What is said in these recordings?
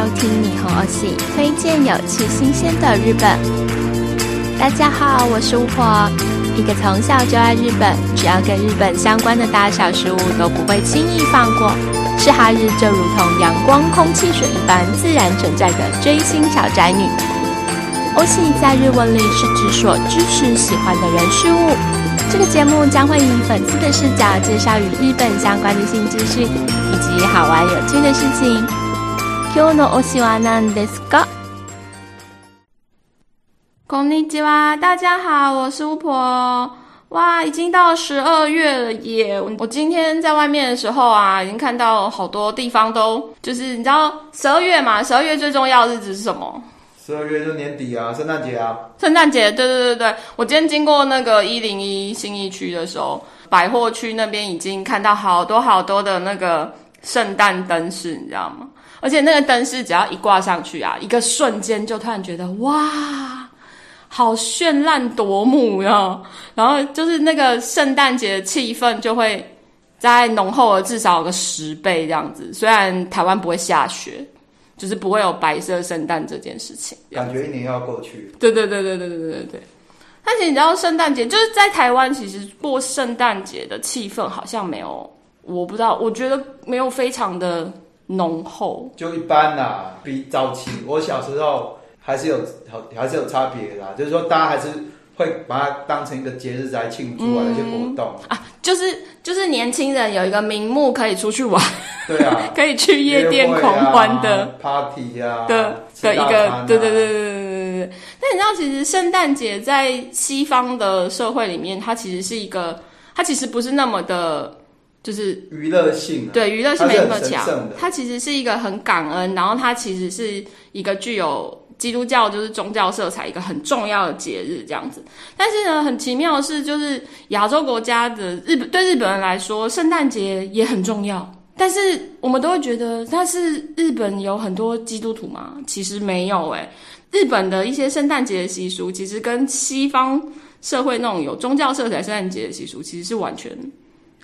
收聽 Nihon OC 推薦有趣新鮮的日本。大家好，我是巫火，一個從小就愛日本，只要跟日本相關的大小事物都不會輕易放過。是哈日就如同陽光、空氣、水一般自然存在的追星小宅女。OC 在日文裡是指所支持、喜歡的人事物。這個節目將會以粉絲的視角介紹與日本相關的新資訊以及好玩有趣的事情。今日のお仕は何ですか？こんにちは，大家好，我是巫婆。哇，已經到十二月了耶！我今天在外面的時候啊，已經看到好多地方都就是你知道十二月嘛，十二月最重要的日子是什麼？十二月就是年底啊，聖誕節啊。聖誕節，對對對對，我今天經過那個一零一信義區的時候，百貨區那邊已經看到好多好多的那個。聖誕燈飾，你知道嗎？而且那個燈飾只要一掛上去啊，一個瞬間就突然覺得哇，好絢爛奪目喲！然後就是那個聖誕節的氣氛就會再濃厚了，至少有個十倍這樣子。雖然台灣不會下雪，就是不會有白色聖誕這件事情，感覺一年要過去。對對對，對對對對對對對對。而且你知道聖誕節，聖誕節就是在台灣，其實過聖誕節的氣氛好像沒有。我不知道，我覺得沒有非常的濃厚，就一般啦、啊。比早期我小時候還是有，還是有差別的。就是說，大家還是會把它當成一個節日來慶祝啊、嗯，那些活動啊，就是就是年輕人有一個名目可以出去玩，對啊， 可以去夜店狂歡的 party 呀、啊、的、啊、的一個、啊，對對對對對對對，但你知道，其實聖誕節在西方的社會裡面，它其實是一個，它其實不是那麼的。就是娛樂性、啊，對娛樂性沒那麼強。它其實是一個很感恩，然後它其實是一個具有基督教就是宗教色彩，一個很重要的節日這樣子。但是呢，很奇妙的是，就是亞洲國家的日本對日本人來說，聖誕節也很重要。但是我們都會覺得，但是日本有很多基督徒嗎？其實沒有哎、欸。日本的一些聖誕節的習俗，其實跟西方社會那種有宗教色彩聖誕節的習俗，其實是完全。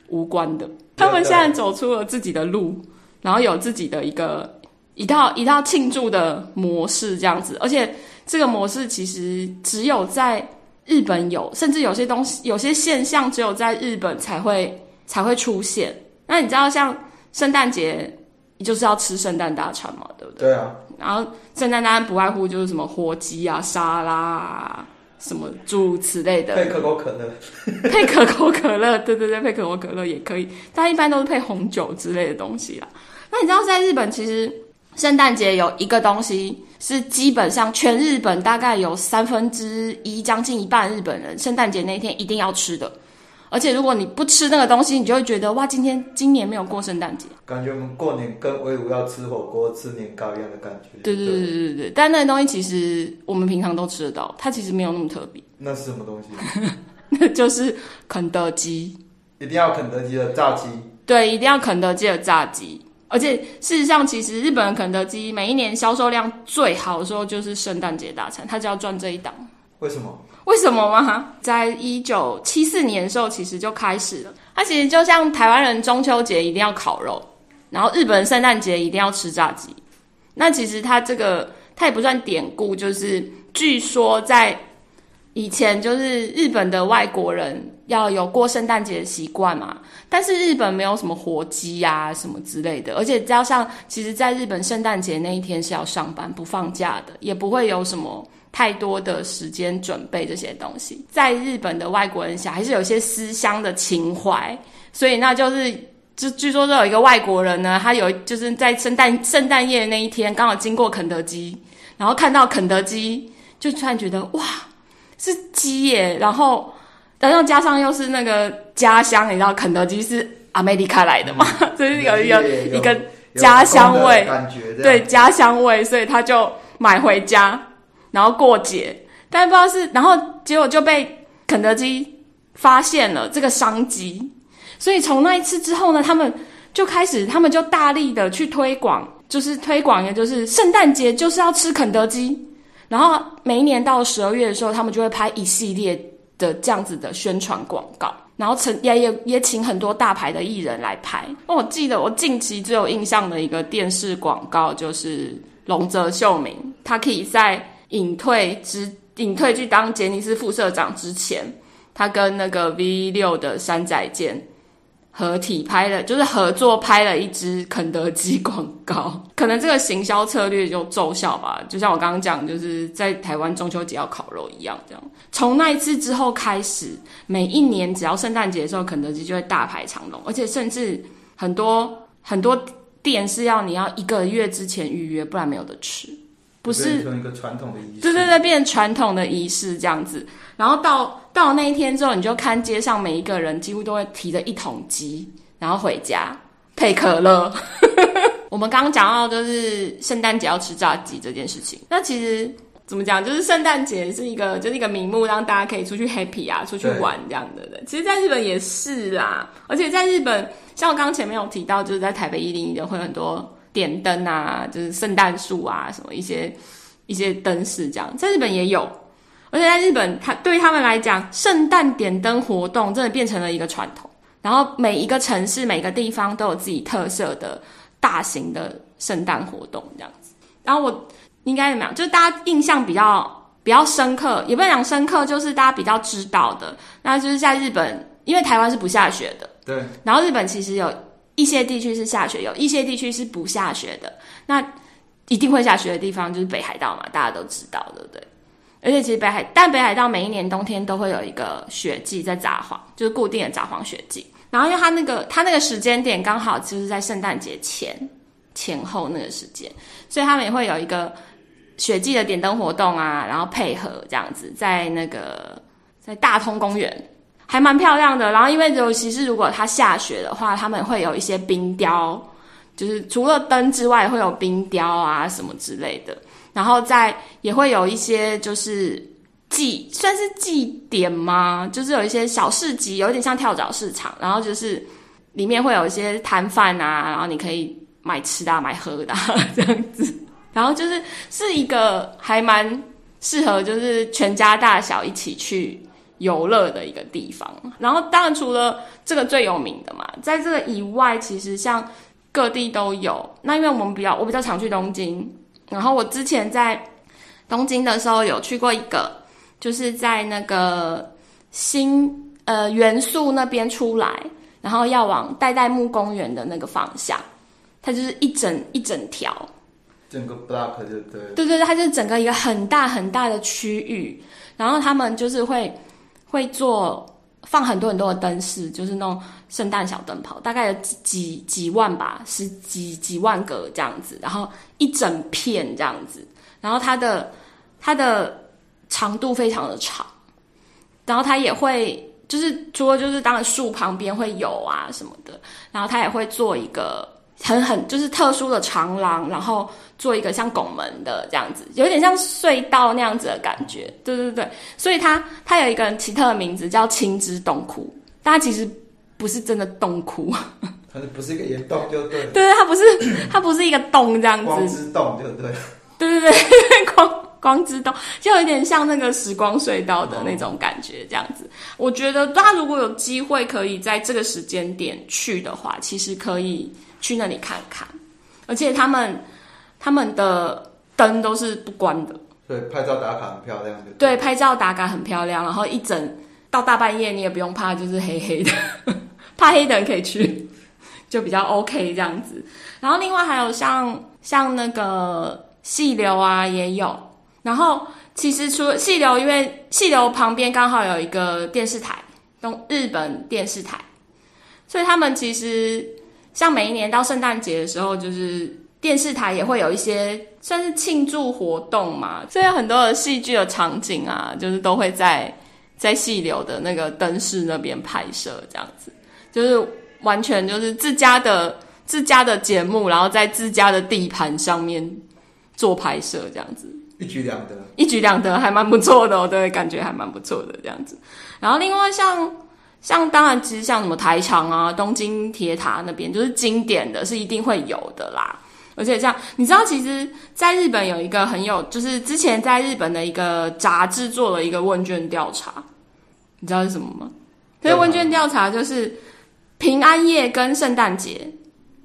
無關的，他們現在走出了自己的路，然後有自己的一個一套一套慶祝的模式這樣子，而且這個模式其實只有在日本有，甚至有些東西有些現象只有在日本才會才會出現。那你知道像聖誕節，像聖誕節你就是要吃聖誕大餐嘛，對不對？對啊。然後聖誕大餐不外乎就是什麼火雞啊、沙拉啊。什麼諸如此類的，配可口可樂。 配可口可樂，對對對，配可口可樂也可以。但一般都是配紅酒之類的東西啦。那你知道，在日本其實聖誕節有一個東西是基本上全日本大概有三分之一將近一半日本人聖誕節那天一定要吃的。而且如果你不吃那個東西，你就會覺得哇，今天今年沒有過聖誕節。感覺我們過年跟圍爐要吃火鍋、吃年糕一樣的感覺。對對對對對，對但那個東西其實我們平常都吃得到，它其實沒有那麼特別。那是什麼東西？那 就是肯德基，一定要肯德基的炸雞。對，一定要肯德基的炸雞。而且事實上，其實日本的肯德基每一年銷售量最好的時候就是聖誕節大餐，他就要賺這一檔。為什麼？為什麼嗎？在一九七四年的時候，其實就開始了。它其實就像台灣人中秋節一定要烤肉，然後日本聖誕節一定要吃炸雞。那其實它這個它也不算典故，就是據說在以前，就是日本的外國人要有過聖誕節的習慣嘛。但是日本沒有什麼火雞呀、啊、什麼之類的，而且加上其實，在日本聖誕節那一天是要上班不放假的，也不會有什麼。太多的時間準備這些東西，在日本的外國人想還是有一些思鄉的情懷，所以那就是，就據說這有一個外國人呢，他有就是在聖誕聖誕夜那一天剛好經過肯德基，然後看到肯德基，就突然覺得哇是雞耶，然後然後加上又是那個家鄉，你知道肯德基是阿美利卡來的嘛， 就是有一個有一個家鄉味，對，家鄉味，所以他就買回家。然後過節，但不知道是。然後結果就被肯德基發現了這個商機，所以從那一次之後呢，他們就開始，他們就大力的去推廣，就是推廣的就是聖誕節就是要吃肯德基，然後每一年到十二月的時候，他們就會拍一系列的這樣子的宣傳廣告，然後成也也也請很多大牌的藝人來拍。哦，我記得我近期最有印象的一個電視廣告就是瀧澤秀明，他可以在。隱退之隱退去當傑尼斯副社長之前，他跟那個 V6 的三宅健合體拍了，就是合作拍了一支肯德基廣告。可能這個行銷策略就奏效吧，就像我剛剛講，就是在台灣中秋節要烤肉一樣這樣。從那一次之後開始，每一年只要聖誕節的時候，肯德基就會大排長龍，而且甚至很多很多店是要你要一個月之前預約，不然沒有得吃。不是，對對對，變成一個傳統的儀式，對對對，變傳統的儀式這樣子。然後到到了那一天之後，你就看街上每一個人幾乎都會提着一桶雞，然後回家配可樂。 我們剛剛講到就是聖誕節要吃炸雞這件事情，那其實怎麼講，就是聖誕節是一個就是一個名目，讓大家可以出去 happy 啊，出去玩這樣的。其實，在日本也是啦，而且在日本，像我剛前面有提到，就是在台北一零一的會很多。點燈啊，就是聖誕樹啊，什麼一些一些燈飾這樣，在日本也有，而且在日本他，它對於他們來講，聖誕點燈活動真的變成了一個傳統。然後每一個城市、每個地方都有自己特色的大型的聖誕活動這樣子。然後我應該怎麼樣？就是大家印象比較比較深刻，也不能講深刻，就是大家比較知道的。那就是在日本，因為台灣是不下雪的，對。然後日本其實有。一些地區是下雪，有一些地區是不下雪的。那一定會下雪的地方就是北海道嘛，大家都知道，對不對？而且其實北海，但北海道每一年冬天都會有一個雪季在札幌，就是固定的札幌雪季。然後因為它那個它那個時間點剛好就是在聖誕節前前後那個時間，所以他們也會有一個雪季的點燈活動啊，然後配合這樣子在那個在大通公園。還蠻漂亮的，然後因為尤其是如果它下雪的話，他們會有一些冰雕，就是除了燈之外，會有冰雕啊什麼之類的，然後在也會有一些就是祭，算是祭典嗎？就是有一些小市集，有點像跳蚤市場，然後就是裡面會有一些攤販啊，然後你可以買吃的啊、買喝的啊、這樣子，然後就是是一個還蠻適合就是全家大小一起去。遊樂的一個地方，然後當然除了這個最有名的嘛，在這個以外，其實像各地都有。那因為我們比較我比較常去東京，然後我之前在東京的時候有去過一個，就是在那個新呃原宿那邊出來，然後要往代代木公園的那個方向，它就是一整一整條，整個 block 就對對對，它就是整個一個很大很大的區域，然後他們就是會。會做放很多很多的燈飾，就是那種聖誕小燈泡，大概有幾幾萬吧，十幾幾萬個這樣子，然後一整片這樣子，然後它的它的長度非常的長，然後它也會就是除了就是當然樹旁邊會有啊什麼的，然後它也會做一個。很很就是特殊的長廊，然後做一個像拱門的這樣子，有點像隧道那樣子的感覺。對對對，所以它它有一個奇特的名字叫“青之洞窟”，但它其實不是真的洞窟，它不是一個岩洞，就對了。對對，它不是它不是一個洞這樣子，光之洞，就對了，對對對，光光之洞就有點像那個時光隧道的那種感覺這樣子。哦，我覺得大家如果有機會可以在這個時間點去的話，其實可以。去那裡看看，而且他們他們的燈都是不關的，對，拍照打卡很漂亮。對，對拍照打卡很漂亮。然後一整到大半夜，你也不用怕，就是黑黑的，怕黑的人可以去，就比較 OK 這樣子。然後另外還有像像那個汐留啊，也有。然後其實除了汐留，因為汐留旁邊剛好有一個電視台，東日本電視台，所以他們其實。像每一年到聖誕節的時候，就是電視台也會有一些算是慶祝活動嘛，所以很多的戲劇的場景啊，就是都會在在汐留的那個燈飾那邊拍攝，這樣子，就是完全就是自家的自家的節目，然後在自家的地盤上面做拍攝，這樣子，一舉兩得，一舉兩得還蠻不錯的哦，對，感覺還蠻不錯的這樣子，然後另外像。像當然，其實像什麼台場啊、東京鐵塔那邊，就是經典的是一定會有的啦。而且像，像你知道，其實在日本有一個很有，就是之前在日本的一個雜誌做了一個問卷調查，你知道是什麼嗎？這、嗯、個問卷調查就是平安夜跟聖誕節，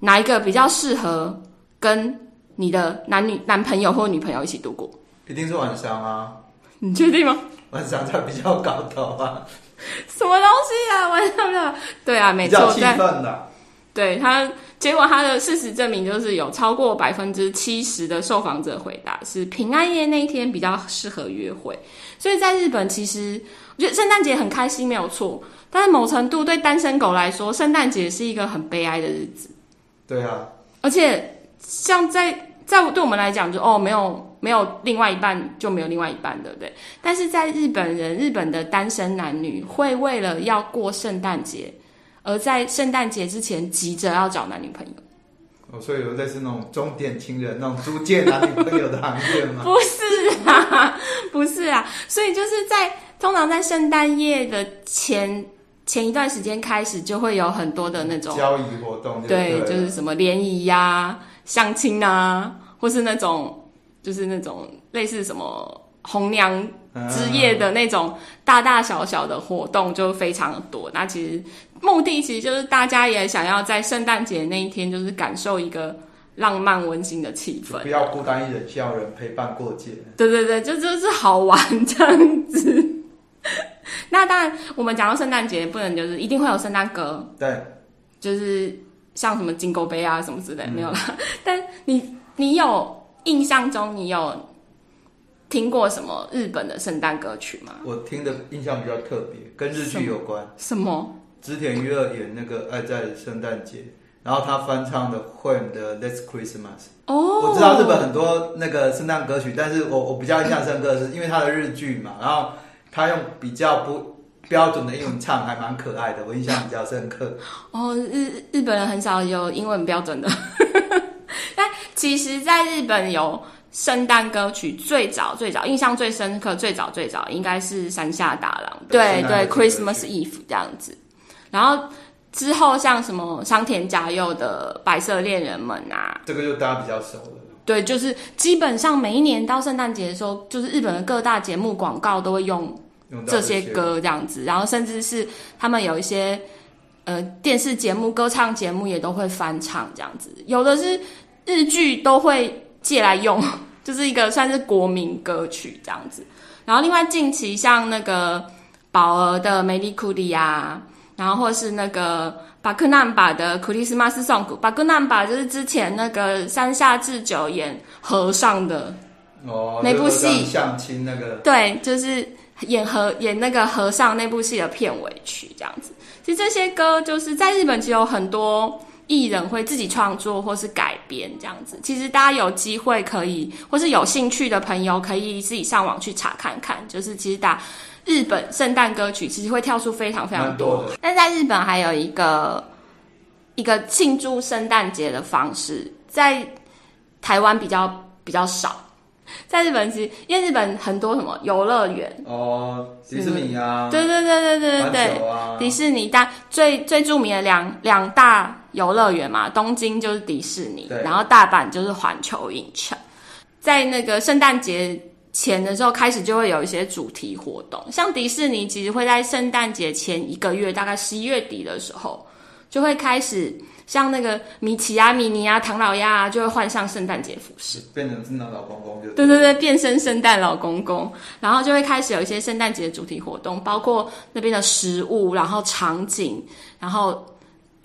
哪一個比較適合跟你的男女男朋友或女朋友一起度過？一定是晚上啊！你確定嗎？晚上才比較搞頭啊。什麼東西啊，完了。對啊，沒錯，在對他，結果他的事實證明就是有超過百分之七十的受訪者回答是平安夜那一天比較適合約會。所以在日本，其實我覺得聖誕節很開心，沒有錯。但是某程度對單身狗來說，聖誕節是一個很悲哀的日子。對啊，而且像在在對我們來講，就哦，沒有。沒有另外一半就沒有另外一半的，對不對？但是在日本人，日本的單身男女會為了要過聖誕節，而在聖誕節之前急着要找男女朋友。哦，所以有類似那種鐘點情人，那種租借男女朋友的行業嗎？ 不是啊，不是啊。所以就是在通常在聖誕夜的前前一段時間開始，就會有很多的那種交易活動，對，對，就是什麼聯誼呀，啊、相親啊，或是那種。就是那種類似什麼紅娘之夜的那種大大小小的活動就非常的多。那其實目的其實就是大家也想要在聖誕節那一天就是感受一個浪漫溫馨的氣氛，不要孤單一人，需要人陪伴過節。對對對，就就是好玩這樣子。 那當然，我們講到聖誕節，不能就是一定會有聖誕歌，對，就是像什麼金鈎杯啊什麼之類的、嗯、沒有啦。但你你有。印象中，你有聽過什麼日本的聖誕歌曲嗎？我聽的印象比較特別，跟日劇有關。什麼？織田裕二演那個《愛在聖誕節》，然後他翻唱的《Wham》的《Last Christmas》oh。哦，我知道日本很多那個聖誕歌曲，但是我我比較印象深刻，是因為他的日劇嘛。然後他用比較不標準的英文唱，還蠻可愛的。我印象比較深刻。哦、oh,，日日本人很少有英文標準的。其實，在日本有聖誕歌曲，最早最早印象最深刻，最早最早應該是山下達郎。對對，Christmas Eve 這樣子。然後之後像什麼桑田佳祐的《白色戀人們》啊，這個就大家比較熟了。對，就是基本上每一年到聖誕節的時候，就是日本的各大節目廣告都會用，用到這些，這些歌這樣子。然後甚至是他們有一些呃電視節目、歌唱節目也都會翻唱這樣子，有的是。日劇都會借來用，就是一個算是國民歌曲這樣子。然後另外近期像那個寶兒的《梅利庫里》呀，然後或是那個巴克納巴的《克里斯馬斯頌古》，巴克納巴就是之前那個山下智久演和尚的哦，那部戲，哦，就是相親那個，對，就是演和演那個和尚那部戲的片尾曲這樣子。其實這些歌就是在日本其實有很多。藝人會自己創作或是改編這樣子，其實大家有機會可以，或是有興趣的朋友可以自己上網去查看看。就是其實打日本聖誕歌曲，其實會跳出非常非常多，多。但在日本還有一個一個慶祝聖誕節的方式，在台灣比較比較少。在日本其實因為日本很多什麼遊樂園哦，迪士尼啊，嗯、對，對對對對對對，啊、迪士尼但最最著名的兩兩大。遊樂園嘛，東京就是迪士尼，然後大阪就是環球影城。在那個聖誕節前的時候，開始就會有一些主題活動。像迪士尼其實會在聖誕節前一個月，大概十一月底的時候，就會開始像那個米奇啊、米妮啊、唐老鴨啊，就會換上聖誕節服飾，變成聖誕老公公就。對對對，變身聖誕老公公，然後就會開始有一些聖誕節主題活動，包括那邊的食物，然後場景，然後。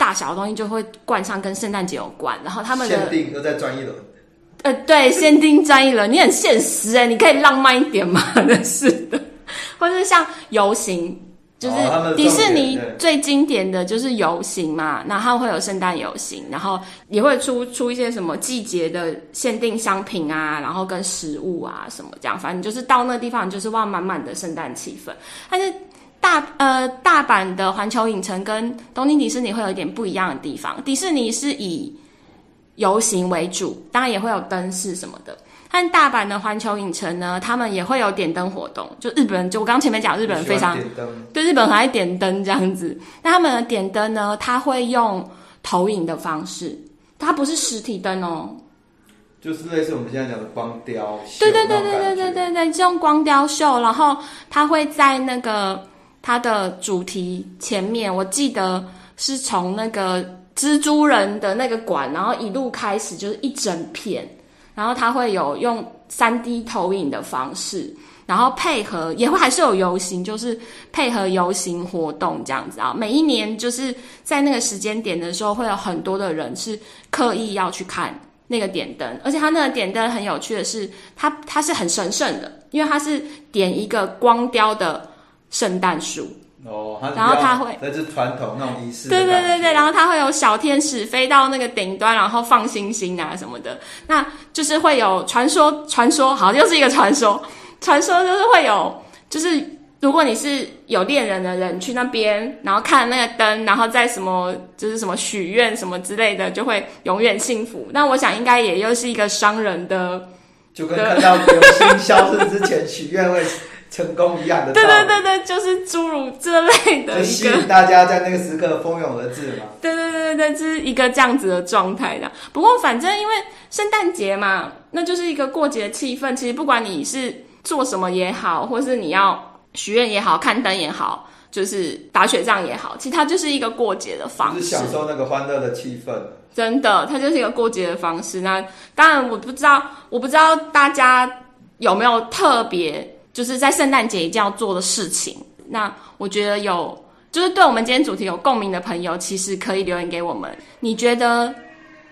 大小的東西就會冠上跟聖誕節有關，然後他們限定都在專一樓。呃，對，限定專一樓，你很現實哎、欸，你可以浪漫一點嘛。真 是的，或者像遊行，就是迪士尼最經典的就是遊行嘛，然後會有聖誕遊行，然後也會出出一些什麼季節的限定商品啊，然後跟食物啊什麼這樣，反正你就是到那個地方就是哇，滿滿的聖誕氣氛，但是。大呃，大阪的環球影城跟東京迪士尼會有一點不一樣的地方。迪士尼是以遊行為主，當然也會有燈飾什麼的。但大阪的環球影城呢，他們也會有點燈活動。就日本人，就我剛前面講日本人非常點燈，對，日本很愛點燈這樣子。那他們的點燈呢，他會用投影的方式，它不是實體燈哦，就是類似我們現在講的光雕。對，對對對對對對對對，就用光雕秀，然後他會在那個。它的主題前面我記得是從那個蜘蛛人的那個館，然後一路開始就是一整片，然後它會有用 3D 投影的方式，然後配合也會還是有遊行，就是配合遊行活動這樣子啊。每一年就是在那個時間點的時候，會有很多的人是刻意要去看那個點燈，而且它那個點燈很有趣的是，它它是很神聖的，因為它是點一個光雕的。聖誕樹哦，然後他會，這是傳統那種儀式，對對對對，然後它會有小天使飛到那個頂端，然後放星星啊什麼的，那就是會有傳說，傳說好像又是一個傳說，傳說就是會有，就是如果你是有戀人的人去那邊，然後看那個燈，然後在什麼就是什麼許願什麼之類的，就會永遠幸福。那我想應該也又是一個商人的，就跟看到流星消失之前 許願會。成功一樣的，對對對對，就是諸如這類的一個，就吸引大家在那個時刻蜂擁而至嘛。對對對對，對，這、就是一個這樣子的狀態的。不過反正因為聖誕節嘛，那就是一個過節的氣氛。其實不管你是做什麼也好，或是你要許願也好，看燈也好，就是打雪仗也好，其實它就是一個過節的方式，享、就、受、是、那個歡樂的氣氛。真的，它就是一個過節的方式。那當然，我不知道，我不知道大家有沒有特別。就是在聖誕節一定要做的事情。那我覺得有，就是對我們今天主題有共鳴的朋友，其實可以留言給我們。你覺得，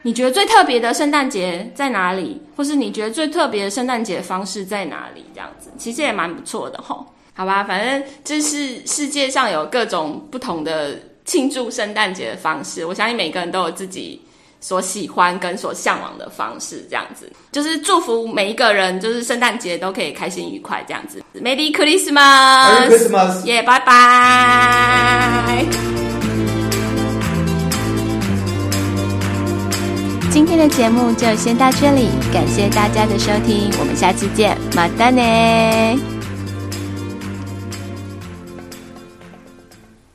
你覺得最特別的聖誕節在哪裡？或是你覺得最特別的聖誕節方式在哪裡？這樣子其實也蠻不錯的吼，好吧，反正就是世界上有各種不同的慶祝聖誕節的方式。我相信每個人都有自己。所喜歡跟所嚮往的方式，這樣子就是祝福每一個人，就是聖誕節都可以開心愉快，這樣子。m e r a y Christmas，耶，拜拜。今天的節目就先到這裡，感謝大家的收聽，我們下期見，馬丹呢。